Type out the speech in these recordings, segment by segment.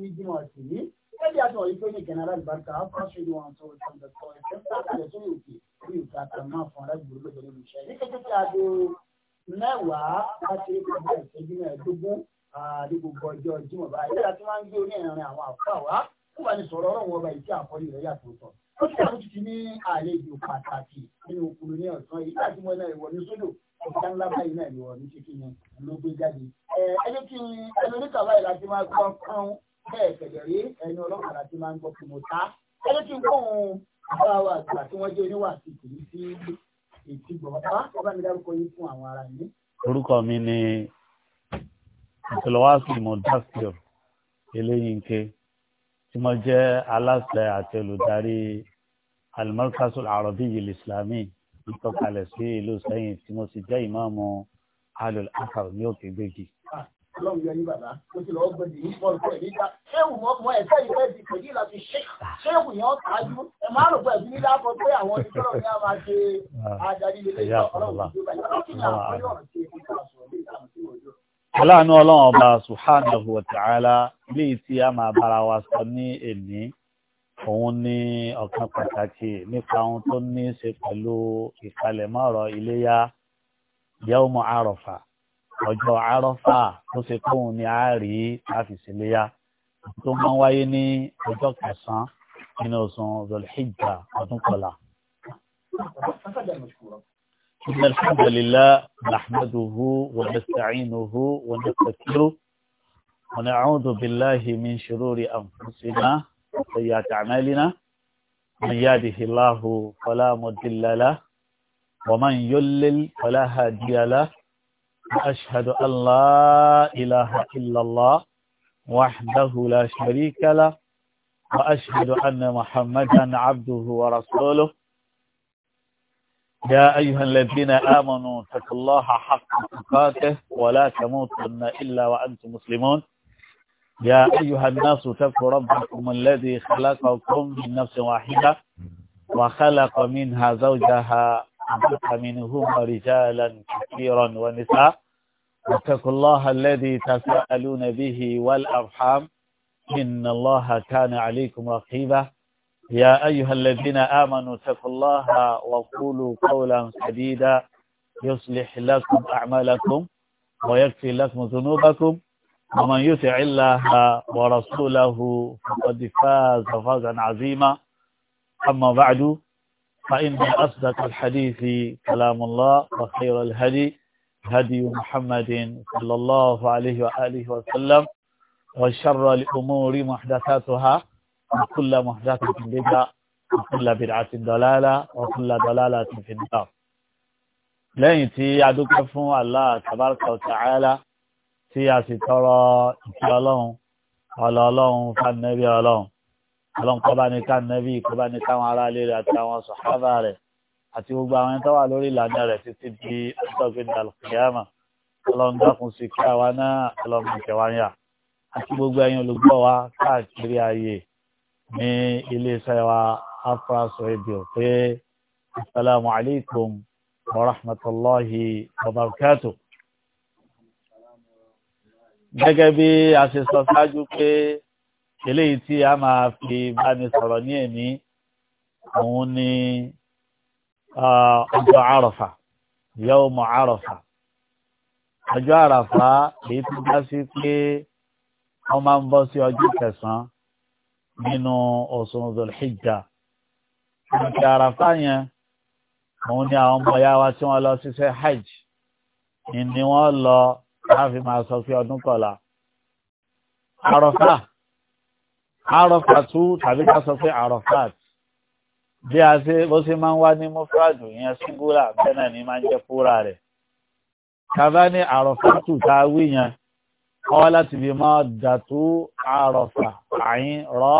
ní jímọ̀ sí ní ẹbí àti ọ̀yí tó ní kẹ̀nà alábàárìkà afáṣọ ni wọn tó tó ń tọ́ ẹ̀kẹ́ sákàlẹ̀ tó ní òkè ní òkè àtàmọ́ fún arábìnrin lójó nínú iṣẹ́ ní kété tí a do mẹ́wàá láti rí kọjá ìṣẹ́jú mẹ́ẹ̀ẹ́dógún ní gbogbo ọjọ́ jímọ̀ báyìí lẹ́yìn àti máa ń gbé onírin àwọn àfọ àwa kó bá ní sọ̀rọ̀ ọ̀rọ̀ wọn ọba ìṣe àkọ́lé rẹ̀ yàtọ̀ tọ̀ ó ti àwọn tuntun ní àlejò pàtàkì nínú òkúlu ní ọ̀sán yìí láti mọ iná ìwọ̀ ní sódò ọ̀gá ńlá báyìí náà ìwọ̀ ní ṣe kí ni ló gbé jáde. ẹ ẹ ní kí ẹnu oníkàwá yìí máa gbọ́ kán bẹ́ẹ̀ tẹ̀lé rí ẹni ọlọ́kadà tí máa ń gbọ́ kùmọ̀ tá ẹni tí ń kó òun bá wa àgbà tí wọ́n jẹ́ oníwà sí kìí sí ìtìgbọ̀ bá ọba mi dárúkọ yín fún àwọn ará yín. orúkọ mi ni ìtòlọ́wásì modasir eléyinke tí mo jẹ́ aláṣẹ àti olùdarí alimọ́kásùl àròbí yìí islami ìtọ́kalẹ̀ sí ìlú sẹ́yìn tí mo sì jẹ́ ìmáàmù alul akar ní òkè gbèjì ọlọ́run yọ yín bàbá ó ti lọ́ọ́ gbọ́dọ̀ yín bọ́ọ̀lù pẹ̀lú ìjà ṣéwù mọ́ mọ́ ẹ̀fẹ́ ìfẹ́ ti pè ní láti ṣe ṣéwù yẹn ṣáájú ẹ máa rò pẹ̀lú nílá kan pé àwọn oníṣòro ni a máa ṣe adarí ilé aláàánú ọlọ́run ọba subhanahu wa ta'ala tí a máa bára wa sọ ní èní òun ní ọ̀kan pàtàkì nípa ohun tó ní í ṣe pẹ̀lú ìpalẹ̀mọ́rọ̀ iléyá yawmu Arafa ọjọ́ arọ́fà tó ṣe kóhun ni a rí àfìsíléyà tó máa ń wáyé ní ọjọ́ kẹsàn-án nínú oṣù zulhijja ọdún kọlá. إن الحمد لله نحمده ونستعينه ونستغفره ونعوذ بالله من شرور أنفسنا وسيئات أعمالنا من يهده الله فلا مضل له ومن يضلل فلا هادي له وأشهد أن لا إله إلا الله وحده لا شريك له وأشهد أن محمدا عبده ورسوله يا أيها الذين آمنوا اتقوا الله حق تقاته ولا تموتن إلا وأنتم مسلمون يا أيها الناس اتقوا ربكم الذي خلقكم من نفس واحدة وخلق منها زوجها أنبت منهما رجالا كثيرا ونساء واتقوا الله الذي تساءلون به والأرحام إن الله كان عليكم رقيبا يا أيها الذين آمنوا اتقوا الله وقولوا قولا سديدا يصلح لكم أعمالكم ويكفي لكم ذنوبكم ومن يطع الله ورسوله فقد فاز فوزا عظيما أما بعد فإن أصدق الحديث كلام الله وخير الهدي هدي محمد صلى الله عليه وآله وسلم وشر الأمور محدثاتها وكل محدثة بدعة وكل بدعة ضلالة وكل ضلالة في النار lẹ́yìn tí a dúpẹ́ fún Allah tabaraka wa ta'ala tí a sì tọrọ ìfẹ́ ọlọ́run ọlọ́run kọ́ bá ní ká nẹ́bí kọ́ bá ní káwọn ará gbogbo àwọn ẹni tó wà lórí ìlànà rẹ̀ títí di ọjọ́gbìn dàlùkìyàmà ọlọ́run sí kí àwa náà ọlọ́run ìkẹwàáyà àti gbogbo ẹ̀yin olùgbọ́ wa káàkiri ayé ní iléeṣẹ́ wa afras radio pé asalaamu alaykum wa rahmatulahi wa barakatuh. gẹ́gẹ́ bí a ṣe sọ ṣáájú pé eléyìí tí a máa fi bá mi sọ̀rọ̀ ní ẹ̀mí òun ni ọjọ́ àròfà yawmu àròfà ọjọ́ àràfà èyí tó dá sí pé wọ́n máa ń bọ́ sí ọjọ́ kẹsàn-án nínú oṣù zulhijja ọjọ́ àràfà yẹn òun ni àwọn ọmọ ya wa tí wọ́n lọ ṣiṣẹ́ hajj ni wọ́n lọ láàfin máa sọ pé ọdún kọlá àròfà àrọ́fàtú tàbí ká sọ pé àrọ́fàt bí a ṣe bó ṣe máa ń wá ní mọ́fúrádù ìyẹn síngúrà bẹ́ẹ̀ náà ni máa ń jẹ́ fúra rẹ̀ kàbá ní àrọ́fàtù tá a wí yẹn ọwọ́ láti fi mọ́ dàtú àrọ́fà àyín rọ́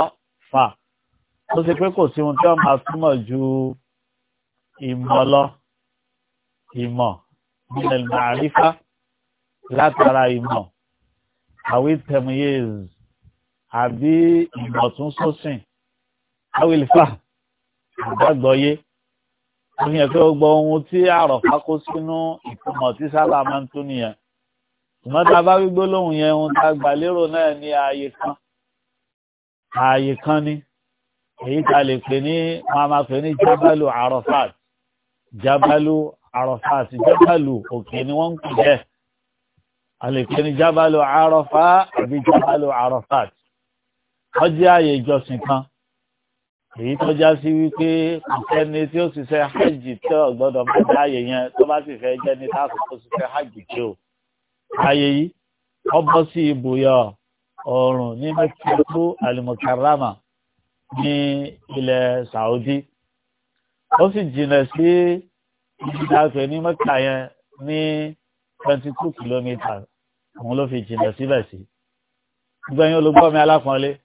fà ó ṣe pé kò sí ohun tí wọ́n máa túmọ̀ ju ìmọ̀ lọ ìmọ̀ nílẹ̀ màrífà látara ìmọ̀ àwítẹ̀mùyéèzì àbí ìbọ̀tún sósìn awilifa àgbàgbọ́yé ó fi hàn pé gbogbo ohun tí àròfá kó sínú ìtumọ̀ tí sábà máa ń tún nìyẹn ṣùgbọ́n tá a bá wí gbólóhùn yẹn ohun tá a gbà lérò náà ní ààyè kan ààyè kan ni èyí tá a lè pè ní wọn a máa pè ní jábálù àròfáàt jábálù àròfáàt jábálù òkè ni wọ́n ń pè jẹ́ a lè pè ní jábálù àròfá àbí jábálù àròfáàt wọ́n jẹ́ àyè ìjọsìn kan èyí tó já sí wípé ẹni tí ó ṣiṣẹ́ hajj tí ó gbọ́dọ̀ má jẹ́ àyè yẹn tó bá sì fẹ́ jẹ́ ní táàkùn tó ṣiṣẹ́ hajj tí ó àyè yìí wọ́n bọ́ sí ibùyọ ọ̀rùn ní mẹ́kẹ́kú alimukarama ní ilẹ̀ Saudi ó sì jìnnà sí ìdíjàpẹ̀ ní mẹ́kà yẹn ní twenty two kilometres òun ló fi jìnnà síbẹ̀ sí gbẹ̀yìn olùgbọ́ mi alákùnrin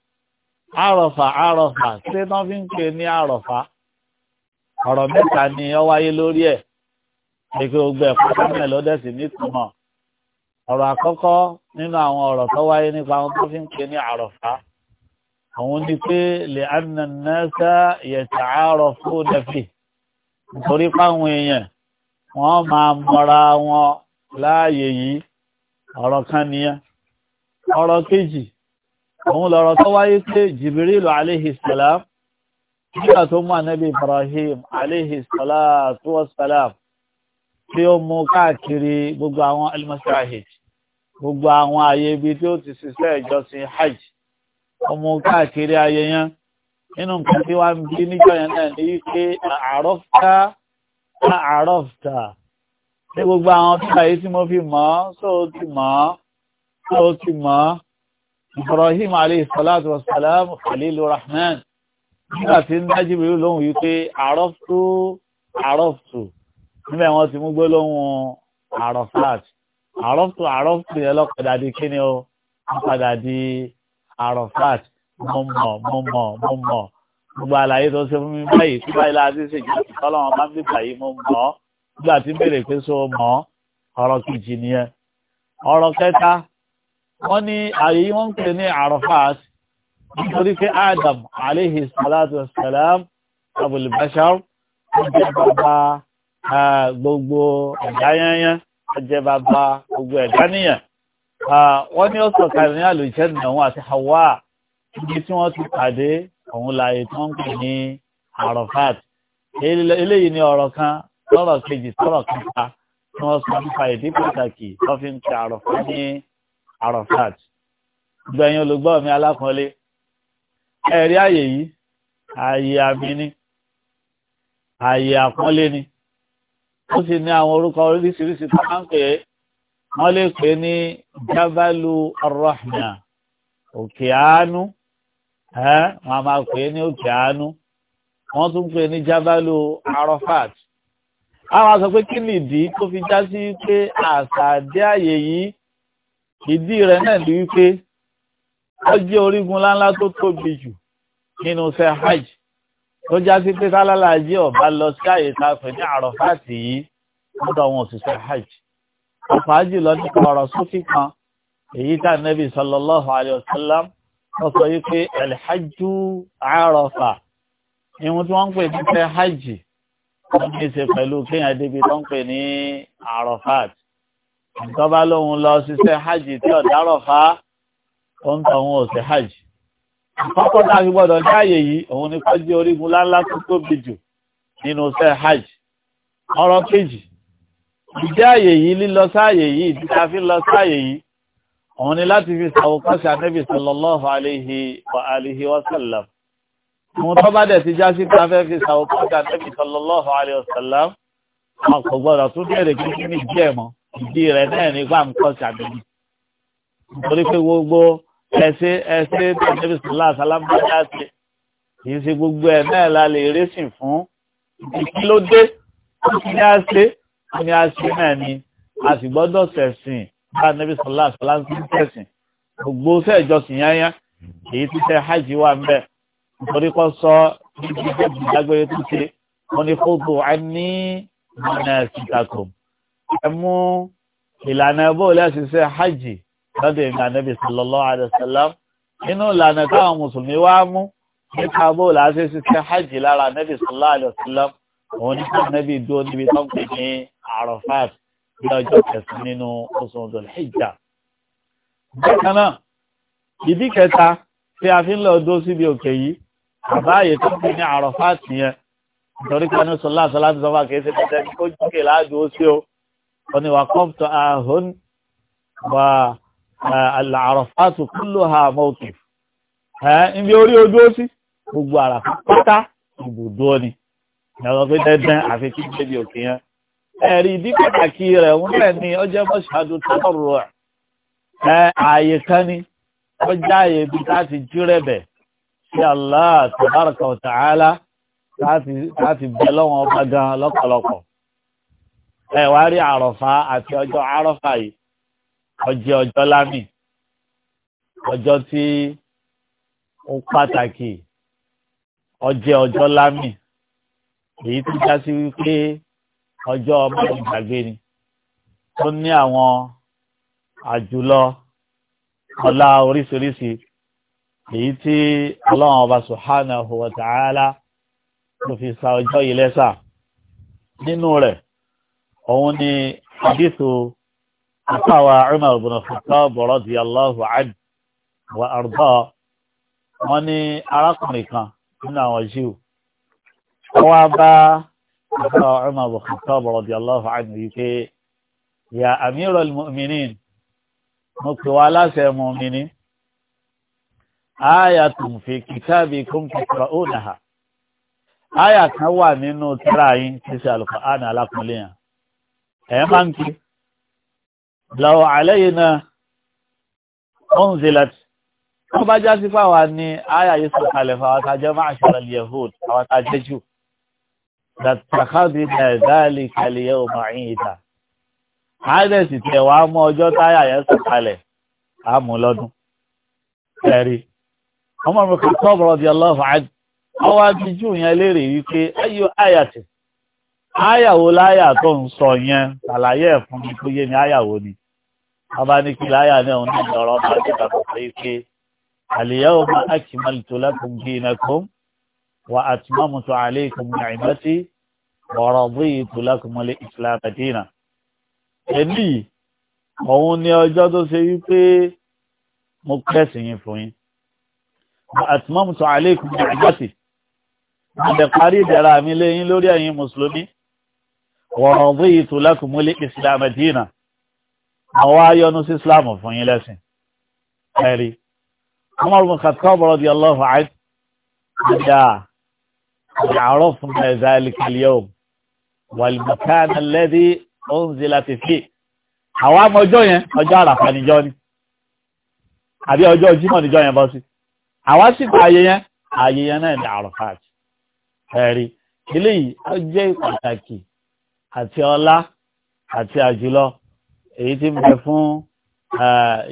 àrọ̀fà àrọ̀fà ṣé tán fi ń pè ní àrọ̀fà ọ̀rọ̀ mẹ́ta ni ó wáyé lórí ẹ̀ pé kí gbogbo ẹ̀kọ́ sámẹ̀ ló dẹ̀ sì nítumọ̀ ọ̀rọ̀ àkọ́kọ́ nínú àwọn ọ̀rọ̀ tó wáyé nípa ohun tó fi ń pè ní àrọ̀fà àwọn ni pé lè ànànàṣà yẹ̀tà àrọ̀fù nẹ́fì nítorí páwọn èèyàn wọ́n máa mọra wọn láàyè yìí ọ̀rọ̀ kan nìyẹn ọ̀rọ̀ kejì òun lọ́rọ̀ tó wáyé pé jìbìrìlù aléhìsàlám nígbà tó mú ànábì ibrahim aléhìsàlátú wasalam tí ó mú káàkiri gbogbo àwọn almasahid gbogbo àwọn ààyè ibi tí ó ti ṣiṣẹ́ ìjọsìn hajj ó mú káàkiri ayé yẹn nínú nǹkan tí wàá bí níjọ yẹn náà ní wípé àárọ̀fta àárọ̀fta ní gbogbo àwọn tí àyè tí mo fi mọ̀ sóò ti mọ̀ sóò ti mọ̀ Ibrahim alayhi salatu wa salam Khalilur Rahman nígbà tí ń dájú mi lóhùn yìí pé àrọ́fù àrọ́fù níbẹ̀ wọ́n ti mú gbé lóhùn àrọ́flat àrọ́fù àrọ́fù yẹn lọ́kadà di kíni o lọ́kadà di àrọ́flat mọ̀mọ̀ mọ̀mọ̀ mọ̀mọ̀ gbogbo àlàyé tó ṣe fún mi báyìí tí báyìí láti ṣe jù tọ́lọ́wọ́n bá ń bí báyìí mo mọ̀ ọ́ nígbà tí ń béèrè pé so mọ̀ ọ̀rọ̀ kejì nìyẹn ọ̀rọ̀ kẹta wọ́n ní ààyè yìí wọ́n ń pè ní Arafat nítorí pé Adam alayhi salatu wassalam Abul Bashar wọ́n jẹ́ bàbá gbogbo ẹ̀dá yányán wọ́n jẹ́ bàbá gbogbo ẹ̀dá níyàn wọ́n ní ó sọ̀kalẹ̀ ní àlùjẹ́nà òun àti Hawa ibi tí wọ́n ti pàdé òun láàyè tí wọ́n ń pè ní Arafat eléyìí ni ọ̀rọ̀ kan lọ́rọ̀ kejì tọ́rọ̀ kẹta tí wọ́n sọ nípa ìdí pàtàkì tó fi ń pe Arafat ní arafat gbẹ̀yìn olùgbọ́ mi alákànlé ẹ̀rí àyè yìí àyè àmì ni àyè àpọ́nlé ni ó sì ní àwọn orúkọ oríṣiríṣi tó máa ń pè é wọ́n lè pè é ní jabalu arahma òkè àánú wọ́n máa pè é ní òkè àánú wọ́n tún pè é ní jabalu arafat àwọn sọ pé kí nìdí tó fi já sí pé àṣà àdé àyè yìí ìdí rẹ̀ náà ni wípé ó jẹ́ orígun láńlá tó tóbi jù nínú ṣe hajj tó já sí pé tálálàájì ọba lọ sí àyè tá a pè ní àròfáàtì yìí lọ́dọ̀ àwọn òṣìṣẹ́ hajj ọ̀pá jùlọ nípa ọ̀rọ̀ sókè kan èyí tá nẹ́bí sallallahu alayhi wọ́n sọ yí pé àròfà ìwọ̀n tí wọ́n ń pè ní ṣe hajj wọ́n ní í ṣe pẹ̀lú kéèyàn débi tó ń pè ní àròfáàtì nǹkan bá lóun lọ ṣiṣẹ́ hajj tí ọ̀dárọ̀ fa òun tó òun ò ṣe hajj. àkọ́kọ́ náà fi gbọ́dọ̀ ní àyè yìí òun ni kọ́jú orígun láńlá tó tóbi jù nínú iṣẹ́ hajj. ọ̀rọ̀ kejì ìdí àyè yìí lílọ sáàyè yìí ìdí tá fi lọ sáàyè yìí òun ni láti fi ṣàwòkọ́ṣe ànábì sallallahu alayhi wa alihi wa sallam. àwọn tó bá dẹ̀ ti já sí pé a fẹ́ fi ṣàwòkọ́ṣe ànábì alayhi wa sallam. àwọn kò gbọ́dọ̀ tún bẹ̀rẹ̀ kí ìdí rẹ̀ náà ní fáwọn kọ́ sàbẹ̀bí nítorí pé gbogbo ẹsẹ ẹsẹ tẹ̀lé sọlá sálámbáyà ṣe kì í ṣe gbogbo ẹ̀ náà la lè rẹ́sìn fún ìdí ló dé kí ni a ṣe kí ni a ṣe náà ni a sì gbọ́dọ̀ ṣẹ̀sìn bá nẹ́bí sọlá sálámbáyà ṣẹ̀sìn gbogbo sẹ́ẹ̀jọsìn yányá èyí ti hajj wà ń nítorí kọ́ sọ níbi ìdágbére tó ṣe wọ́n ní fóònù àní mọ̀nà síkàkùn ẹ mú ìlànà ẹbọ lẹ́sìsẹ́ hajj lọ́dọ̀ ìgbà nẹ́bí sallallahu alaihi wasallam nínú ìlànà táwọn mùsùlùmí wá mú nípa bó lásìsẹ́ hajj lára nẹ́bí sallallahu alaihi wasallam òun nípa nẹ́bí dúró níbi tó ń pè ní arafat ní ọjọ́ kẹsàn nínú oṣù Dhul-Hijja. bákan náà ìdí kẹta tí a fi ń lọ dó síbi òkè yìí àbáyé tó ń pè ní arafat yẹn nítorí pé ní sọlá sọlá ti sọ fún àkẹ́sẹ́ tẹ́tẹ́ kó jókè láàdúró sí o wọ́n wà kọ́pùtọ̀ ààhùn wà àlàrọ̀fàtù kúlò ha mọ́kì ibi orí odó sí gbogbo àràfà pátá ibùdó ni ẹ̀rọ pé dandan àfi kí débi òkè yẹn ẹ̀rí ìdí pàtàkì rẹ̀ ń rẹ̀ ni ọjọ́ mọ́ṣáájú tọ́rọ̀ ẹ̀ ààyè kan ni ọjà ààyè bí láti jírẹ̀bẹ̀ sí Allah tabaraka wa ta'ala láti bẹ̀ lọ́wọ́ ọba gan lọ́pọ̀lọpọ̀ ẹ wá rí àrọ̀fá àti ọjọ́ àrọ̀fá yìí ọjọ́ ọjọ́ lámì ọjọ́ tí ó pàtàkì ọjọ́ ọjọ́ lámì èyí tó já sí wípé ọjọ́ ọmọ ìgbàgbé ni tó ní àwọn àjùlọ ọlá oríṣiríṣi èyí tí ọlọ́run ọba subhanahu wa ta'ala ló fi sa ọjọ́ yìí lẹ́sà nínú rẹ̀ òun ni àdìsù àtàwà Umar ibn Khattab radiyallahu anhu wa arda wọn ní arákùnrin kan nínú àwọn jíù wọ́n bá àtàwà Umar ibn Khattab radiyallahu anhu yìí pé ya amiral mu'minin mo pè wá láṣẹ mu'mini ayatun fi kitabikum taqra'unaha aya kan wà nínú tírà yín tí ṣe àlùkò ánà alákùnrin yẹn ẹ̀ máa ń kí lọ́wọ́ àlẹ́yìn náà ọ̀hún zilat wọ́n bá já sí fáwa ní àyà yìí sọ̀rọ̀ kalẹ̀ fáwa tá a jẹ́ máa ṣe lọ́lẹ̀ yahood àwọn tá a jẹ́ jù dàtàkàbí nàìjíríà kalẹ̀ yẹ ò máa ń yìí ta àádẹ́sì tẹ̀ wá mọ́ ọjọ́ táyà yẹn sọ̀rọ̀ kalẹ̀ àmú lọ́dún ẹ̀rí ọmọ mi kò tọ́ bọ̀rọ̀ di ọlọ́fàá ọwọ́ abijú yẹn léèrè wípé ayọ̀ àyàtì áyàwó láyà tó ń sọ yẹn ṣàlàyé ẹ̀ fún mi tó yé mi áyàwó ni abánikí láyà náà ń dùn ọ̀rọ̀ máa dé kàkó pé pé àlìyáwó máa akímalì tó lákùn bí iná kó wà àtúmọ̀mù tó àlẹ́ ìkùn ní àìmọ́tí ọ̀rọ̀ bí ìtò lákùn mọ́lẹ̀ ìsìlámù dínà. ẹ̀mí òun ni ọjọ́ tó ṣe wípé mo kẹ́sìn yín fún yín wà àtúmọ̀mù àlẹ́ ìkùn ní àìmọ́tí mo dẹ̀ parí ìdẹ̀ra mi lẹ́yìn lórí ẹ̀yin mùsùlùmí wọ̀rọ̀dún ìtùlẹ́kùnmúlé islam dínà àwọn ayọ́nú sí islam fún yín lẹ́sìn ẹ̀rí Umar bin Khattab radiyallahu anhu àdá àrọ́fún zalika al-yawm wal-makan alladhi unzilat fihi àwọn amọjọ́ yẹn ọjọ́ àràfà níjọ́ ni àbí ọjọ́ jímọ̀ níjọ́ yẹn bọ́ sí àwọn sì bá ayé ẹ̀rí eléyìí ó àti ọlá àti àjùlọ èyí tí ń bẹ fún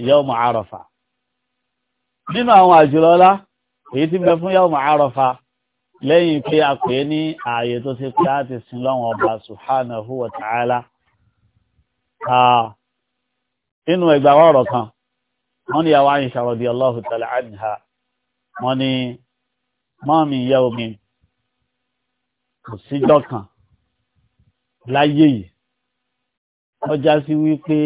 yawmu Arafa nínú àwọn àjùlọ ọlá èyí tí ń bẹ fún yawmu Arafa lẹ́yìn pé a pè ní ààyè tó ṣe pé a ti sin lọ́wọ́n ọba subhanahu wa ta'ala inú ẹgbà ọ̀rọ̀ kan wọ́n ní àwọn Àìṣà radiyallahu ta'ala anha wọ́n ní ma min yawmin kò síjọ́ kan láyé yìí ọjà sí wípé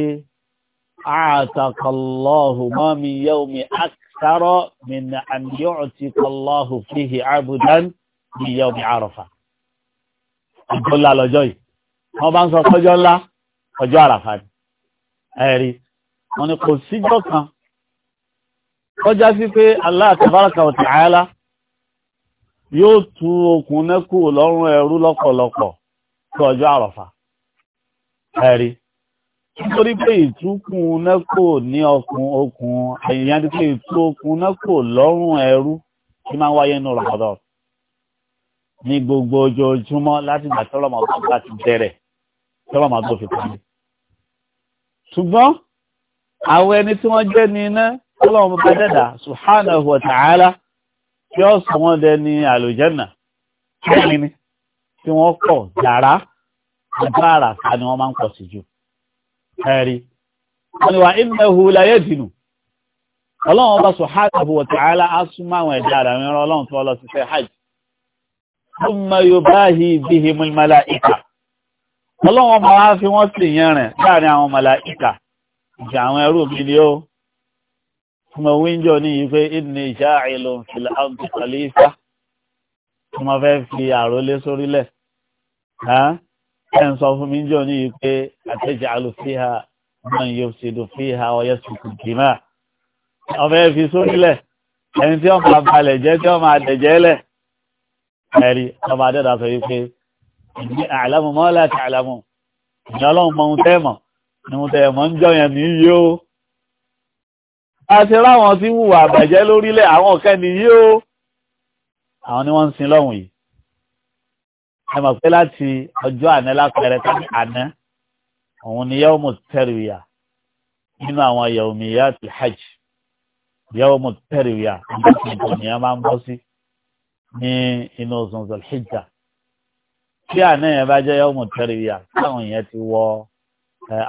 àtàkọlọ́hù mọ́mí yẹ́omi àkàrọ̀ mìnà àmìyàn ti kọlọ́hù fíhì àbúdán ní yẹ́omi àrọ̀fà ọjọ́lá lọ́jọ́ yìí wọ́n bá ń sọ ọjọ́ ńlá ọjọ́ àràfà ni ẹ̀rí wọn ni kò síjọ́ kan ọjà sí pé Allah tabaraka wa yóò tú okùn nẹ́kù lọ́rùn ẹrú lọ́pọ̀lọpọ̀ sí ọjọ́ àrọ̀fà ẹ̀rí nítorí pé ìtúkùn nẹ́kò ní ọkùn okùn èèyàn pé ìtú nẹ́kò lọ́rùn ẹrú tí máa ń wáyé nù rọ̀mọ́dọ̀ ní gbogbo ojoojúmọ́ láti gbà tọ́lọ́mọdọ́ bá ti bẹ̀rẹ̀ tọ́lọ́mọdọ́ fi parí ṣùgbọ́n àwọn ẹni tí wọ́n jẹ́ ní iná ọlọ́run bá dẹ́dà subhanahu wa kí ó sọ dẹ ní àlùjẹ́nà kí ni tí wọ́n pọ̀ yàrá ọjọ́ àràsà ni wọ́n máa ń pọ̀ sí jù ẹ̀rí wọ́n ni wà innahu la yadinu ọlọ́run ọba subhanahu wa ta'ala á súnmọ́ àwọn ẹ̀dá ara mìíràn ọlọ́run tó lọ sí fẹ́ hajj thumma yubahi bihimul malaika ọlọ́run ọba wa fi wọ́n sì yẹn rìn láàrin àwọn malaika ìjà àwọn ẹrú mi ni ó ọmọ wíńjọ ní ìfẹ́ inni ja'ilun fil ardi khalifa tí wọ́n fẹ́ fi àrólé sórílẹ̀ ẹ̀ ń sọ fún mi jọ ní yìí pé àtẹ̀jẹ́ àlùfíà náà yóò ṣe lò fíà ọ̀yẹ́ sùkùn jìmá ọ̀fẹ́ fi sórílẹ̀ ẹni tí wọ́n máa balẹ̀ jẹ́ tí wọ́n máa dẹ̀jẹ́ lẹ̀ ẹ̀rí ọba adẹ́dà sọ yìí pé ní àlámù mọ́ láti àlámù ìyá ọlọ́run mọ ohun tẹ́ẹ̀mọ̀ ni mo tẹ̀ẹ̀mọ̀ ń jọ yẹn nìyí o a ti ráwọn tí wùwà àbàjẹ́ lórílẹ̀ àwọn ọ̀kẹ́ nìyí o àwọn ni wọ́n ń sin lọ́hùn yìí ẹ mọ̀ pé láti ọjọ́ àná lápẹẹrẹ tàbí àná òun ni yawmu tarwiya nínú àwọn yawmiyatul hajj yawmu tarwiya nígbà tí ènìyàn máa ń bọ́ sí ní inú oṣù zalhijja tí àná yẹn bá jẹ́ yawmu tarwiya táwọn yẹn ti wọ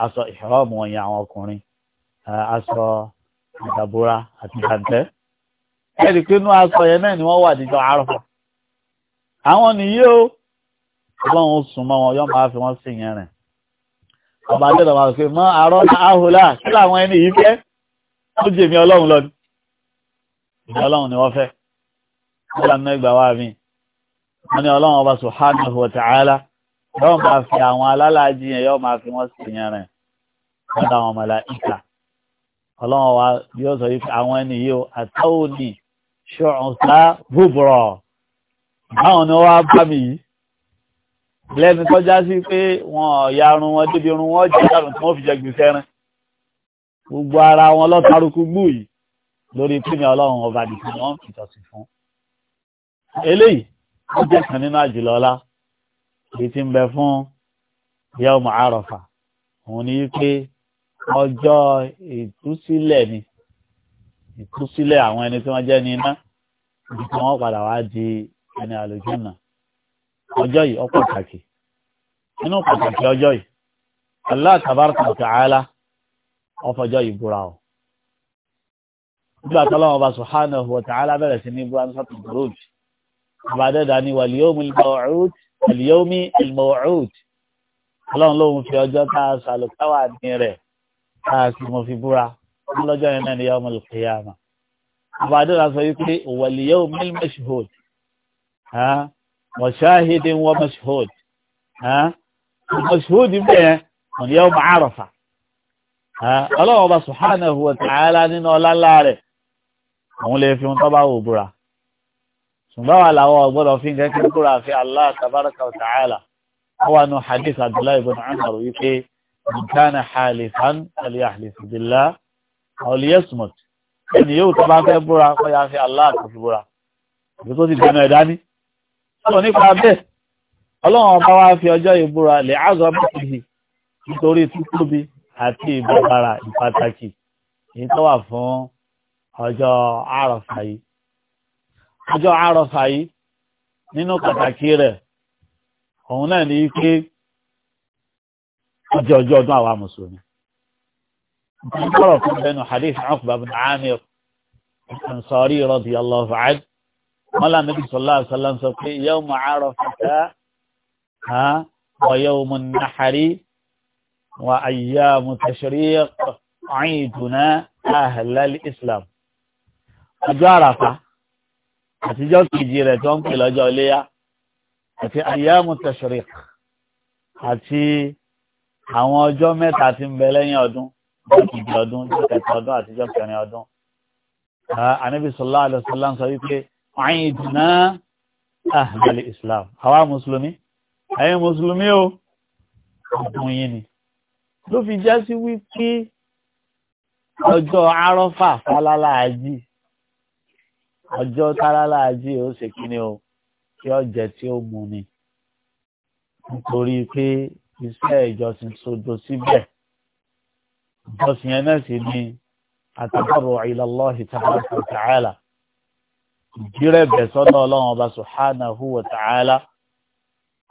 aṣọ ihram wọn àwọn ọkùnrin aṣọ ìdàbúra àti kàńtẹ́ ẹ̀rí pé inú aṣọ yẹn náà ni wọ́n wà níjọ àrùfọ̀ àwọn nìyí o ọlọ́run sùn mọ́ wọn yọ́ máa fi wọ́n sí ìyẹn rẹ̀ ọba jẹ́ ọba pé mọ́ àárọ̀ àhùlà kí làwọn ẹni yìí fẹ́ ó jèmi ọlọ́run lọ ìjọ ọlọ́run ni wọ́n fẹ́ wọ́n lànà ìgbà wá mi wọ́n ní ọlọ́run ọba subhanahu wa ta'ala yọ́ máa fi àwọn alálàájì yẹn yọ́ máa fi wọ́n sí ìyẹn rẹ̀ wọ́n dá wọn mọ̀lá ìkà ọlọ́run wa yóò sọ yìí àwọn ẹni yìí o àtàwọn ni ṣọ́ọ̀ta búburọ̀ báwọn ni wọ́n bá mi yìí lẹ́nu tọ́já sí pé wọn yarun wọn débi irun wọn jẹ́ àrùn tí wọ́n fi jẹ gbèsè rẹ̀ gbogbo ara wọn lọ́tàrúkú gbù yìí lórí pínlẹ Ọlọ́run ọba nìkan wọn fi tọsí fún eléyìí ó jẹ́ kan nínú àjùlọ ọlá èyí tí ń bẹ fún yawm Arafa òun ni pé ọjọ́ ìtúsílẹ̀ ni ìtúsílẹ̀ àwọn ẹni tí wọ́n jẹ́ ní iná ìdí tí wọ́n padà wá di ẹni àlùjànnà ọjọ́ yìí ọ̀pọ̀ pàtàkì nínú pàtàkì ọjọ́ yìí Allah tabaraka wa ta'ala ọfọjọ́ yìí búra o nígbà tọ́lọ́ ọba subhanahu wa ta'ala bẹ̀rẹ̀ sí ní búra ní sọ́tún gúrúùjì ọba dẹ́dà ní wàlíọ́mù al-maw'ud wàlíọ́mù al-maw'ud ọlọ́run lóhun fi ọjọ́ tá a sàlùkáwà ní rẹ̀ tá sì mọ̀ fi búra lọ́jọ́ yẹn náà ní yawm al-qiyamah sọ wípé wàlíọ́mù al-mashhud وشاهد ومشهود ها المشهود به من يوم عرفة ها الله سبحانه وتعالى ان لا لا له مولاي في طبا وبرا ثم قال هو بدا في ذلك في الله تبارك وتعالى هو حديث عبد الله بن عمر يقي من كان حالفا فليحلف بالله او ليصمت ان يوم تبا في الله تبارك وتعالى بتقول دي sọ nípa bẹ́ẹ̀ ọlọ́run ọba wa fi ọjọ́ ìbúra lè áàzọ́ bẹ́ẹ̀ nítorí títóbi àti ìbọ̀bára ìpàtàkì èyí tó wà fún ọjọ́ àrọ̀fà yìí ọjọ́ àrọ̀fà yìí nínú pàtàkì rẹ̀ òun náà ní pé ọjọ́ ọjọ́ ọdún àwa mùsùlùmí ọ̀rọ̀ fún bẹnu hadith Uqba ibn Amir Ansari radiyallahu anhu mọ́là níbi sọ́lá àṣálá ń sọ pé yawma Arafata wa yawmu nahari wa ayyamu tashriq ìdùnnà ahlal islam ọjọ́ àràfà àtijọ́ kejì rẹ̀ tó ń pè lọ́jọ́ iléyà àti ayyamu tashriq àti àwọn ọjọ́ mẹ́ta tí ń bẹ lẹ́yìn ọdún jọ́kìdì ọdún jọ́kẹta ọdún àti jọ́kẹrin ọdún. ànábì sallallahu alaihi ń sọ wípé àìdùnà àhàlẹ̀ islam àwa mùsùlùmí ẹ̀yin mùsùlùmí o ọdún yìí ni ló fi já sí wípé ọjọ́ arọ́fà falálà àjí ọjọ́ tálálà àjí ó ṣe kíni o kí ọjẹ tí ó mu ni nítorí pé iṣẹ́ ìjọsìn sodo síbẹ̀ ìjọsìn yẹn náà sì ni àtàbọ̀rọ̀ ilallahi tabaraka wa ta'ala ìdírẹ̀bẹ̀ sọ́dọ̀ ọlọ́run ọba subhanahu wa ta'ala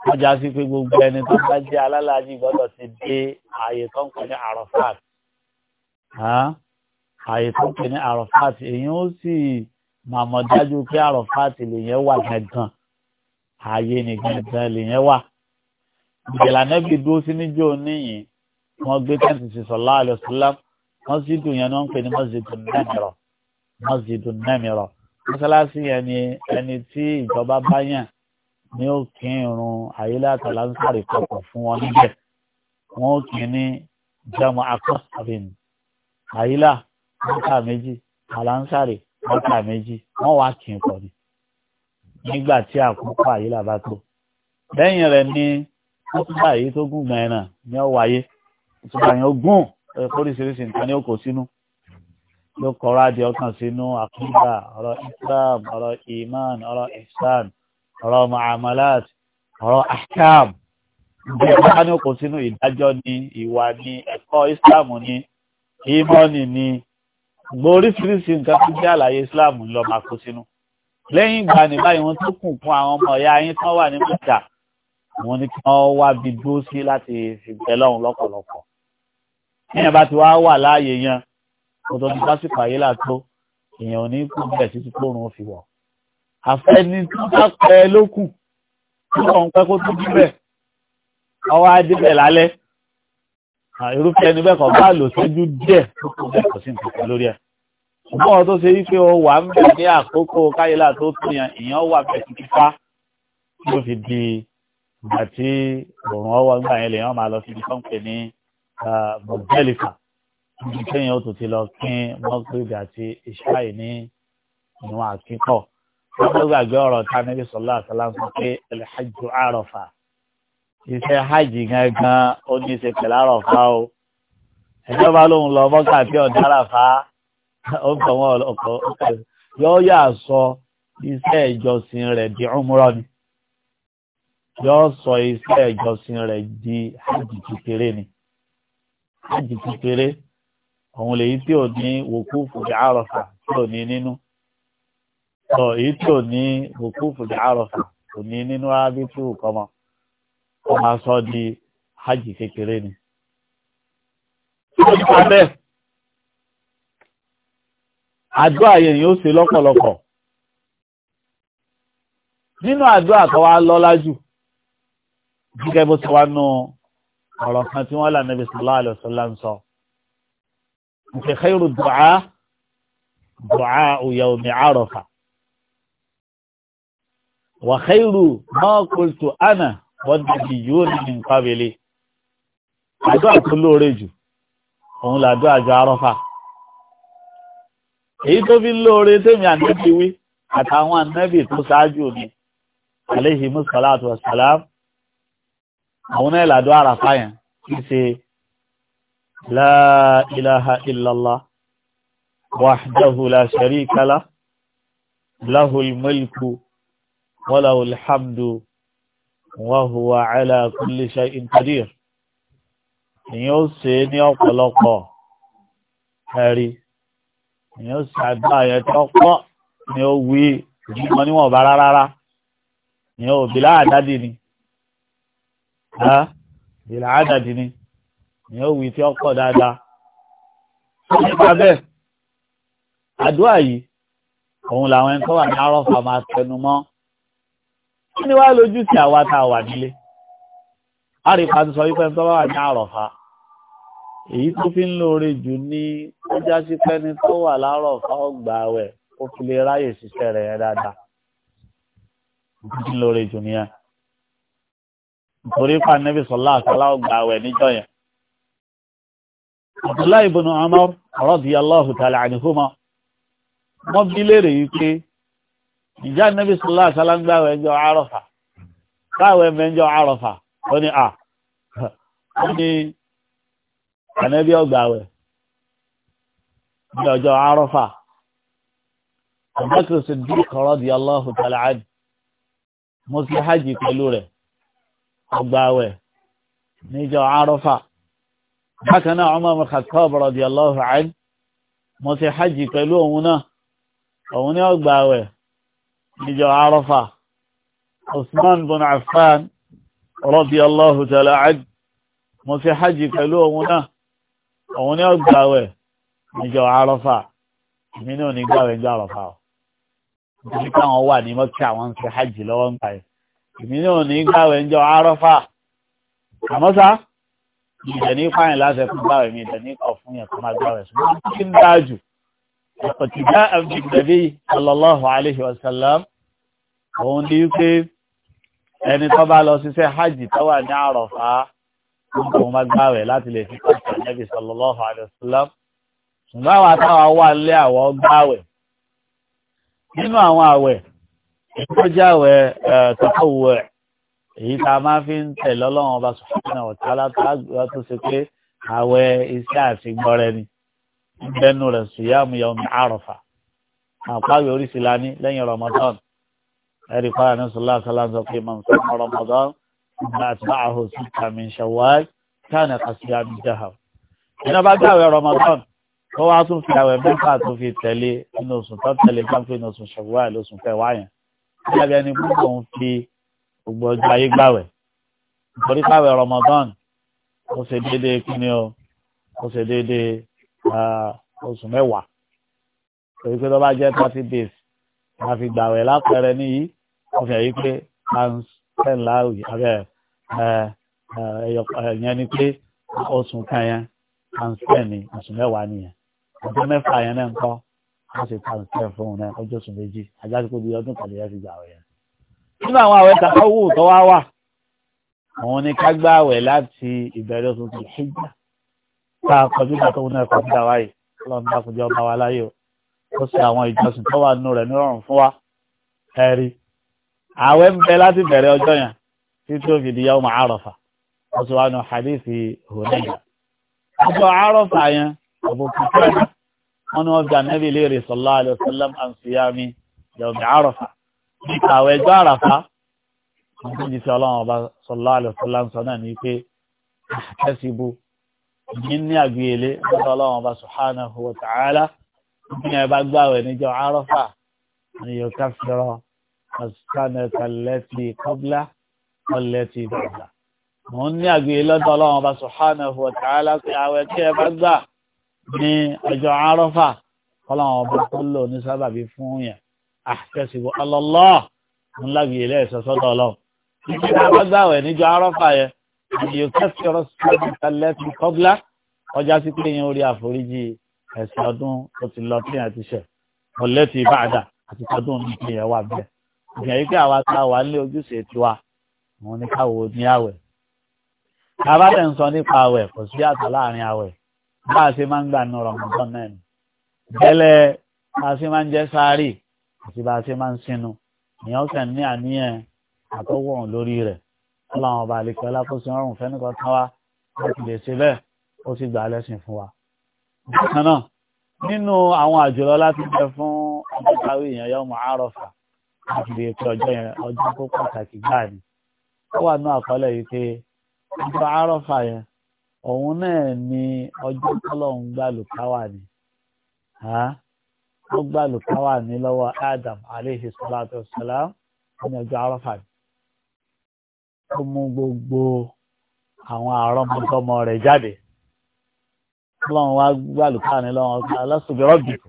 wọ́n já sí pé gbogbo ẹni tó bá jẹ́ alálàájì gbọ́dọ̀ ti dé ààyè tó ń pè ní arafat ààyè tó ń pè ní arafat èyí ó sì màmọ́ dájú pé arafat lèyẹn wà gangan ààyè ní gangan lèyẹn wà ìjìlánà bí dúró sí níjó níyìn wọ́n gbé tẹ́ǹtì sí sallallahu alaihi wasallam mọ́sídùn yẹn ni ń pè ní mọ́sídùn nẹ́mìrọ̀ mọ́sídùn nẹ́mìrọ̀ mọ́sálásí yẹn ni ẹni tí ìjọba bá yàn ní ó kí irun àyílẹ̀ àtàlà ń sáré papọ̀ fún wọn níbẹ̀ wọn ó kí ní jamu akọ́sàbìn àyílà mọ́tà méjì àlà ń sáré mọ́tà méjì wọ́n wá kí n pọ̀ ni nígbà tí àkókò àyílà bá tó lẹ́yìn rẹ̀ ni kótóbá yìí tó gùn gan-an ni ó wáyé ìtura yẹn ó gùn oríṣiríṣi nǹkan ni ó kó sínú ló kọrọ adì ọkàn sínú àkídà ọ̀rọ̀ islam ọ̀rọ̀ iman ọ̀rọ̀ ihsan ọ̀rọ̀ muamalat ọ̀rọ̀ ahkam bí ọba ní kò sínú ìdájọ́ ni ìwà ni ẹ̀kọ́ islam ni imani ni gboríṣiríṣi nǹkan tó jẹ́ àlàyé islam lọ máa kó sínú lẹ́yìn ìgbà ní báyìí wọ́n tún kùn fún àwọn ọmọ ọ̀yá yín tán wà ní mẹ́ta wọ́n ní kí wọ́n wá bí dúró sí láti fi bẹ lọ́hùn lọ́pọ̀lọpọ̀ ọ̀dọ̀ ti pásítọ̀ ayé làtó èèyàn ò ní kú bẹ́ẹ̀ títí tóorùn fi wọ̀. àfẹ́ni tó bá pẹ́ lókùn tó kàn ń pẹ́ kó tó bíbẹ̀ ọwọ́ adébẹ̀ lálẹ́ irúfẹ́ ẹni bẹ́ẹ̀ kọ́ bá lò sẹ́jú díẹ̀ tó kàn bẹ́ẹ̀ kọ́ sí nǹkan kan lórí ẹ̀. ṣùgbọ́n ọ̀rọ̀ tó ṣe wípé o wà ń bẹ̀ ní àkókò káyọ̀lá tó yàn èèyàn wà bẹ̀ sí kíkà tí ó fi di ìgbà tí òòrùn gbà yẹn lèèyàn máa lọ síbi tó ń pè ní bọ̀dẹ́lìfà níbi kẹ́yìn ó tún ti lọ kín mọ́gírìbì àti ìṣáì ní ìwọ̀n àkíkọ̀ wọ́n gbàgbé ọ̀rọ̀ tá níbi sọ́lá àtàlà ń sọ pé alhajju àròfà iṣẹ́ hajj gangan ó ní í ṣe pẹ̀lú àròfà o ẹ̀jẹ̀ bá lóun lọ mọ́kà tí ọ̀dà àràfà ó ń tọ̀wọ́ ọkọ̀ yóò yà sọ iṣẹ́ ìjọsìn rẹ̀ di umrah ni yóò sọ iṣẹ́ ìjọsìn rẹ̀ di hajj kékeré ni hajj kékeré òun lèyí tí ò ní wòkú fòdì àròfà tí ò ní nínú sọ èyí tí ò ní wòkú fòdì àròfà kò ní nínú ábí tí ò kọ́mọ ó máa sọ di hajj kékeré ni. nípa bẹ́ẹ̀ àdúrà yẹn yóò ṣe lọ́pọ̀lọpọ̀ nínú àdúrà tó lọ́lá jù gẹ́gẹ́ bó ti wá nù ọ̀rọ̀ kan tí wọ́n là níbi sallallahu alaihi wasallam ń sọ nke khairu du'a du'a yawmi arafa wa khairu ma qultu ana wan nabiyyuna min qabli àdúrà tó lóore jù òun làdúrà àjọ arọ́fà èyí tó fi ń lóore tèmi ànábì wí àtàwọn ànábì tó ṣáájú mi alayhi musallatu wassalam àwọn náà làdúrà àràfà yẹn kì í ṣe لا إله إلا الله وحده لا شريك له له الملك وله الحمد وهو على كل شيء قدير يو سيني أقلق هاري يو سعداء يتوقع يو وي جيماني وبرارارا يو بلا عددني. ها بلا عددني ní ó wí tí ó pọ̀ dáadáa nípa bẹ́ẹ̀ àdúrà yìí òun làwọn ẹni tó wà ní arọ́fà máa tẹnu mọ́ kí ni wàá lójú sí àwa tá a wà nílé àrífà ti sọ wípé ẹni tó bá wà ní arọ́fà èyí tó fi ń lóore jù ní ó já sí pẹ́ni tó wà lárọ̀fà ọgbà wẹ̀ ó fi lè ráyè ṣiṣẹ́ rẹ̀ yẹn dáadáa ó fi ń lóore jù nìyẹn nítorí pàǹdẹ́bí sọ̀lá àkàlà ọgbà wẹ̀ níjọ́ yẹn. Abdullahi ibn Umar radiyallahu ta'ala anhuma wọ́n bí lérè yìí pé ìjà nẹ́bí sọlá sálágbáwẹ̀ ẹjọ́ àrọ̀fà káwẹ̀ mẹ́jọ́ àrọ̀fà ó ní à ó ní ànẹ́bí ọgbàwẹ̀ ní ọjọ́ àrọ̀fà Abubakar Siddiq radiyallahu ta'ala anhu mo sì hajj pẹ̀lú rẹ̀ ọgbàwẹ̀ níjọ́ àrọ̀fà bákan náà Umar ibn Khattab radiyallahu anhu mo ti hajj pẹ̀lú òun náà òun ní ọgbà rẹ̀ níjọ arọ́fà Usman bin Affan radiyallahu ta'ala anhu mo ti hajj pẹ̀lú òun náà òun ní ọgbà rẹ̀ níjọ arọ́fà èmi náà ní gbà rẹ̀ ń gbà arọ́fà o nítorí káwọn wà ní mọ́kí àwọn ń ṣe hajj lọ́wọ́ ń pa ẹ̀ èmi náà ní gbà rẹ̀ ń jọ arọ́fà àmọ́ sá ìdẹ̀ ní pààyàn láti ẹkùn gbàwẹ̀ mi ìdẹ̀ ní kọ̀ fún yẹn kọ́ máa gbàwẹ̀ ṣùgbọ́n kí ń dáa jù ìpàtìjá àbìgbẹ̀bí sallallahu alaihi wasallam òun ní pé ẹni tó bá lọ ṣiṣẹ́ hajj tó wà ní àrọ̀fá ń kọ́ máa gbàwẹ̀ láti lè fi pàṣẹ ànábì sallallahu alaihi wasallam ṣùgbọ́n àwọn àtàwọn wà lé àwọn gbàwẹ̀ nínú àwọn àwẹ̀ ìtọ́jú àwẹ̀ tọ́kọ̀wẹ̀ èyí tá a máa fi ń tẹ̀lé ọlọ́run ọba sùfúnà ọ̀tá látàgbà tó ṣe pé àwẹ̀ iṣẹ́ àṣegbọ́rẹ́ ni bẹ́nu rẹ̀ sùyàmù yọmi àròfà àpáwé oríṣi lani lẹ́yìn Ramadan ẹ̀rí pa àná sọlá sọlá sọ pé màmú sọmọ Ramadan ìgbà àti bá àhò sí kàmí ṣàwáì káàní kàṣí àmì jahab iná bá gbàwé Ramadan tó wá tún fi àwẹ̀ mẹ́fà tó fi tẹ̀lé inú oṣù tó tẹ̀lé káńpé inú oṣù ṣàwáì lóṣù fẹ́ wáyẹn gbogbo ọjọ́ ayé gbàwẹ̀ nítorí káwẹ̀ Ramadan ó ṣe déédéé kíni o ó ṣe déédéé oṣù mẹ́wàá torí pé tó bá jẹ́ thirty days la fi gbàwẹ̀ lápẹẹrẹ níyì wọ́n fi hàn yí pé times ten láàwì abẹ́ ẹ̀yẹn ni pé oṣù kan yẹn ni oṣù mẹ́wàá nìyẹn ọjọ́ mẹ́fà yẹn náà ń kọ́ wọ́n ṣe times ten fún un náà ọjọ́ oṣù méjì ajá sí pé bí ọdún kan lè fi gbàwẹ̀ yẹn nínú àwọn àwẹ̀ tàkàwù tó wá wà àwọn ni ká gbá àwẹ̀ láti ìbẹ̀rẹ̀ oṣù tó ṣíjà tá a kọjú ìgbà tó wọn ẹ̀kọ́ síta wáyé ọlọ́run bá kojú ọba wa láyé o ó sì àwọn ìjọsìn tó wà nínú rẹ̀ nírọ̀rùn fún wa ẹ̀rí àwẹ̀ ń bẹ láti bẹ̀rẹ̀ ọjọ́ yẹn títí ó fi di yawma Arafa ó sì wà nù hadithi Hunayna ọjọ́ Arafa yẹn ọ̀bùn kìkẹ́ wọn ni wọ́n fi ànẹ́bí léèrè sallallahu alaihi wasallam an siyami nípa àwọn ẹjọ́ àràfá ọdún ìdíṣẹ́ ọlọ́run ọba sọlá àlùfọlá ń sọ náà ní pé àtẹ́síbú ìyín ní àgbéyẹlé lọ́dọ̀ ọlọ́run ọba subhanahu wa ta'ala ní ẹ bá gbàwẹ̀ níjọ́ àràfá ní yorùbá fẹ́rọ àsìkánẹ̀kàlẹ́tì kọ́bílá ọ̀lẹ́tì ìdọ̀gbà. mò ń ní àgbéyẹlé lọ́dọ̀ ọlọ́run ọba subhanahu wa ta'ala pé àwẹ̀ tí ẹ gbà ní ọjọ́ àràfá ọlọ́run ọba tó lò ní sábàbí fún yẹn àṣẹṣìbò alọ́lọ́ ńlá bíi ilé ẹ̀sọ́ sọ́dọ̀ ọlọ́run ìdí àwọn gbàwẹ̀ níjọ arọ́fà yẹn ìyó kẹsìrọ sọ́dọ̀ lẹ́tì kọ́gbá ọjà sí pé yẹn orí àforíjì ẹ̀sìn ọdún tó ti lọ tí yẹn ti ṣẹ̀ ọ̀lẹ́tì ìbàdà àti tọdún ní ìpín yẹn wà bẹ́ẹ̀ ìgbìyànjú pé àwa tá a wà nílé ojúṣe tiwa òun ní káwo ní àwẹ̀ bàbá ń sọ nípa àwẹ̀ kò sí àtọ̀ láàrin àwẹ̀ bá a ṣe máa ń gbà nù rọ̀mọ̀tán náà ni bẹ́lẹ̀ bá a ṣe máa ń jẹ́ sáárì àti bá a ṣe máa ń sinú èèyàn kàn ní àníyàn àtọwọ́ ọ̀hún lórí rẹ̀ ọlọ́run ọba àlekẹ́ ọlákóso ọ̀run fẹ́nìkan tán wá láti lè ṣe bẹ́ẹ̀ ó sì gbà á lẹ́sìn fún wa. bákan náà nínú àwọn àjùlọ láti bẹ fún ọjọ́ káwé èèyàn yọmọ àárọ̀fà láti lè pe ọjọ́ yẹn ọjọ́ tó pàtàkì gbáà ni. ó wà ní àkọọ́lẹ̀ yìí pé ọjọ́ àárọ̀fà yẹn òun náà ni ọjọ́ tọ́lọ́run gbà lùkáwà ni ó gbà lùkà wà ní lọ́wọ́ Adam aleyhi salatu wasalam ní ọjọ́ arọ́fà ó mú gbogbo àwọn àrọ́mọdọ́mọ rẹ̀ jáde ọlọ́run wá gbà lùkà ní lọ́wọ́ ọ̀gá alásùbẹ̀rọ̀ bìkù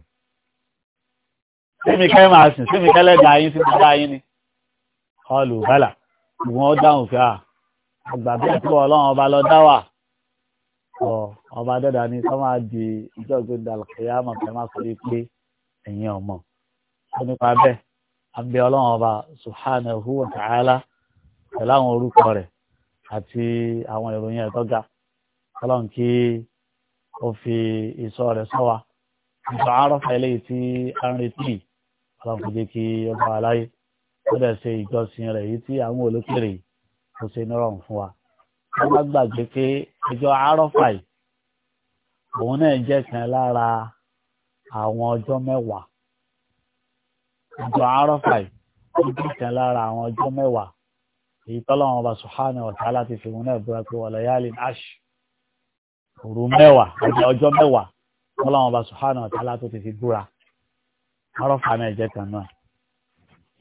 sẹ́mi kẹ́ máa sìn sẹ́mi kẹ́lẹ́ dà yín sí bàbá yín ni ọlù bàlà ìwọ̀n dáhùn fẹ́ à ah, àgbà bí ẹ̀kọ́ ọlọ́run ọba lọ dá wà ọ ọba dẹ́dà ni sọ́mà di ìjọ́gbìn dàlùkẹ́yà mọ̀kẹ́ má pé ẹ̀yin ọmọ ó nípa bẹ́ẹ̀ abẹ́ ọlọ́run ọba subhanahu wa ta'ala pẹ̀lú àwọn orúkọ rẹ̀ àti àwọn ìròyìn ẹ̀ tọ́ga ọlọ́run kí ó fi ìṣọ́ rẹ̀ sọ wa ìṣọ́ àárọ̀fà eléyìí tí a ń retí ọlọ́run kò jẹ́ kí ó bá wa láyé ó dẹ̀ ṣe ìjọsìn rẹ̀ yìí tí àwọn olókèrè kò ṣe nírọ̀rùn fún wa wọ́n gbàgbé pé ìjọ àárọ̀fà yìí òun náà jẹ́ kan lára àwọn ọjọ́ mẹ́wàá ọjọ́ àárọ̀fà yìí ọjọ́ kan lára àwọn ọjọ́ mẹ́wàá èyí tọ́lọ́wọ́n ọba subhanahu wa ta'ala ti fi wọn náà búra pé wọ́n lọ yálì ash òru mẹ́wàá ọjọ́ mẹ́wàá tọ́lọ́wọ́n ọba subhanahu wa ta'ala tó ti fi búra àárọ̀fà náà jẹ́ kan náà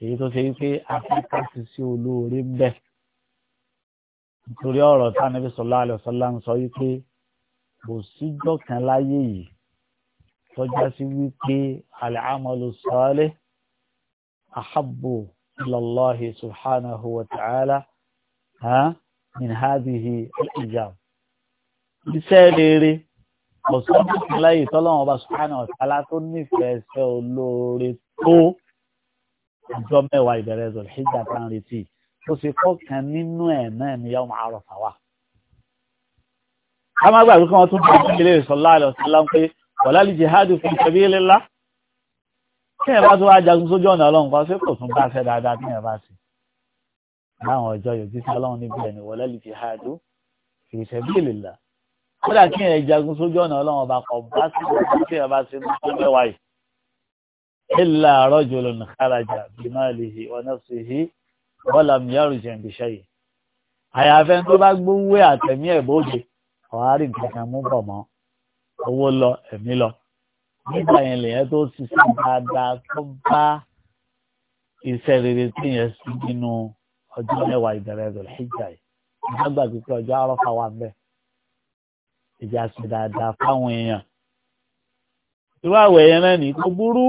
èyí tó ṣe wípé afẹ́ká ti sí olóore ń bẹ̀ nítorí ọ̀rọ̀ tá a níbi sallallahu ń sọ wípé kò síjọ́ kan láyé yìí tọ́já sí wípé al-amalu salih ahabbu ilallahi subhanahu wa ta'ala min hadhihi al-ijab. iṣẹ́ rere ọ̀sán tuntun láyé tọ́lọ́wọ́n ọba subhanahu wa ta'ala tó nífẹ̀ẹ́ ṣe olóore tó ọjọ́ mẹ́wàá ìbẹ̀rẹ̀ zọlhíjà tá à ń retí tó ṣe kọ́kàn nínú ẹ̀ náà ní yawm Arafah wa. ká má gbàgbé kí wọ́n tún bá ìdílé sallallahu alaihi wasallam pé wọ̀lálì jihadu fi sabilillah kí ẹ̀ bá tó wá jagun sójú ọ̀nà ọlọ́run kan ṣé kò tún bá ṣe dáadáa kí ẹ̀ bá ṣe láwọn ọjọ́ yòókì sí ọlọ́run níbi ẹ̀ ní wọ̀lálì jihadu fi sabilillah kódà kí ẹ̀ jagun sójú ọ̀nà ọlọ́run ọba kan bá ṣe dáadáa kí ẹ̀ bá ṣe tó mẹ́wàá yìí illa rajulun kharaja bi malihi wa nafsihi wa lam yarji bi shay' àyàfẹ́ tó bá gbówó àtẹ̀mí ẹ̀ bóde ọ̀hárí nǹkan kan mú bọ̀ mọ́ owó lọ ẹ̀mí lọ nígbà yẹn lèyẹn tó ṣiṣẹ́ dáadáa tó bá iṣẹ́ rere tí yẹn sí nínú ọjọ́ mẹ́wàá ìbẹ̀rẹ̀ rẹ̀ hijab yìí ìdágbà pípẹ́ ọjọ́ àrọ́fà wà bẹ́ẹ̀ ìjà sí dáadáa fáwọn èèyàn irú àwẹ̀ yẹn náà ní kó burú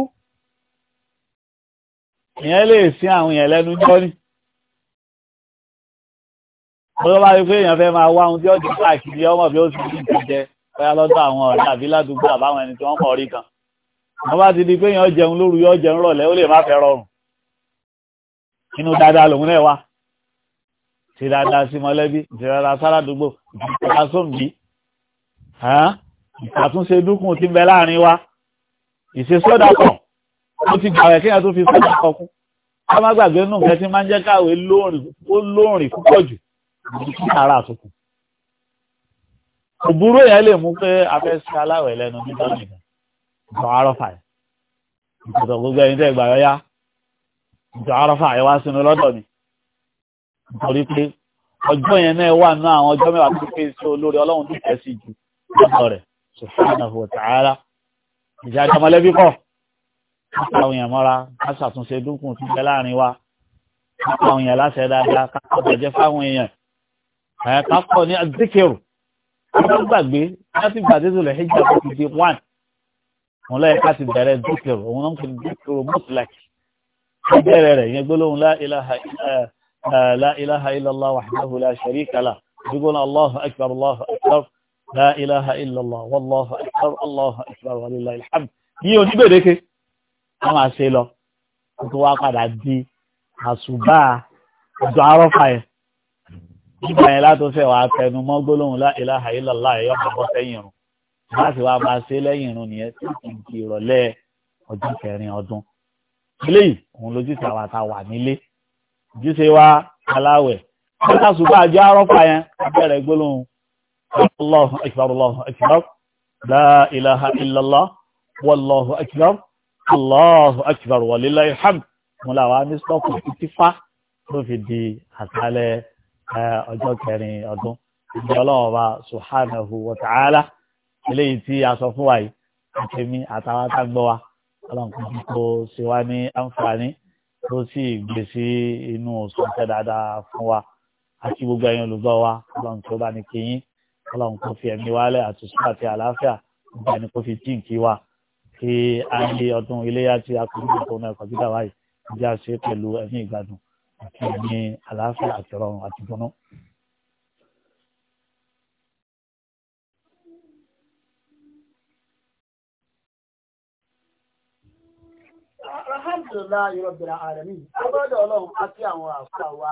ìyẹn lè sin àwọn èèyàn lẹ́nu jọ́ni ọlọ́wọ́ bá rí pé èèyàn fẹ́ máa wá ohun tí ó jẹ́ káàkiri ọmọ bí ó sì ń jẹ bóyá lọ́dọ̀ àwọn ọ̀rẹ́ àbí ládùúgbò àbáwọn ẹni tí wọ́n mọ̀ rí kan wọ́n bá ti di pé yàn jẹun lóru yọ jẹun rọ̀lẹ́ ó lè má fẹ́ rọrùn inú dáadáa lòun náà wá ṣe dáadáa sí mọ̀lẹ́bí ṣe dáadáa sáràdúgbò ìjọba sóǹbí àtúnṣe dúkùn ti bẹ láàrin wa ìṣe sọ́dà kan ó ti gbàwẹ̀ kéèyàn tó fi sọ́dà kan kún ká má gbàgbé nù nǹkan tí máa ń jẹ́ káwé lóòrìn púpọ̀ jù ìdí kí ara àtúkùn òbúrò yẹn lè mú pé afẹ́sẹ́ aláwẹ̀ lẹ́nu bí bọ́ọ̀lù nìkan ìtọ̀ arọ́fà yẹn ìtọ̀ gbogbo ẹni tẹ́ gbà yọ yá ìtọ̀ arọ́fà yẹn wá sínú lọ́dọ̀ mi nítorí pé ọjọ́ yẹn náà wà ní àwọn ọjọ́ mẹ́wàá tó pé sí olórí ọlọ́run tó tẹ̀ sí ju lọ́dọ̀ rẹ̀ subhanahu wa ta'ala ìjà àjọmọlẹ́bí pọ̀ káwọn èèyàn mọ́ra ká ṣàtúnṣe dúnkùn tó jẹ́ láàrin wa káwọn èèyàn láṣẹ dáadáa ká kọ́ fáwọn èèyàn ká kọ́ ní adíkèrò wọ́n gbàgbé láti gbàdé tó lè hijab tó ti di one wọn lọ́yẹ̀ ká ti bẹ̀rẹ̀ dúkìrò òun náà ń pè ní dúkìrò mọ́tìlákì ìbẹ̀rẹ̀ rẹ̀ yẹn gbólóhùn la ilaha la ilaha illallah wahdahu la sharika lah gbígbóná allahu akbar allahu akbar la ilaha illallah wallahu akbar allahu akbar walillahil hamd yíò ní gbèdéke wọ́n máa ṣe lọ tó wá padà di àṣùbà ọjọ́ arọ́fà yẹn nígbà yẹn látó fẹ́ wàá tẹnu mọ́ gbólóhùn la ilaha illallah ẹ̀yọ́ bọ̀bọ̀ sẹ́yìn rùn láti wàá máa ṣe lẹ́yìn rùn nìyẹn tí kì í di ìrọ̀lẹ́ ọdún kẹrin ọdún. eléyìí òun lójúṣe àwa ta nílé ojúṣe wa aláwẹ̀ nígbà ṣùgbọ́n àjọ arọ́pà yẹn abẹ́rẹ́ gbólóhùn Allahu akbar Allahu akbar la ilaha illallah wallahu akbar Allahu akbar walillahil hamd ọjọ́ kẹrin ọdún ìdí ọlọ́wọ́ bá subhanahu wa ta'ala eléyìí tí a sọ fún wa yìí àtẹ̀mí àtàwọn àtàgbọ́ wa ọlọ́run kò fi kó ṣe wá ní àǹfààní tó sì gbé sí inú sọ̀tẹ́ dáadáa fún wa àti gbogbo ẹ̀yin olùgbọ́ wa ọlọ́run tó bá ní kéyìn ọlọ́run kò fi ẹ̀mí wálẹ̀ àtúnṣe àti àlàáfíà gbogbo ẹni kò fi jíǹkì wa kí á lé ọdún iléyà tí a kò ní ìfowópamọ́ ẹ̀kọ́ gbígbà wáyé ìjà ṣe pẹ̀lú ẹ̀mí ìgbádùn àti ẹ̀mí àlàáfíà àti ọ̀rọ̀ àti gbọ́nà. alhamdulillah rabbil alamin agbọ́dọ̀ ọlọ́run á kí àwọn àfà wa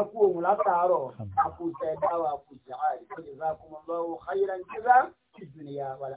a kú ohun látàárọ̀ a kú tẹ́ dáwà kú jẹ́ àìsí ìzákùnmọ́ lọ́wọ́ khayran jazaa fid dunya wala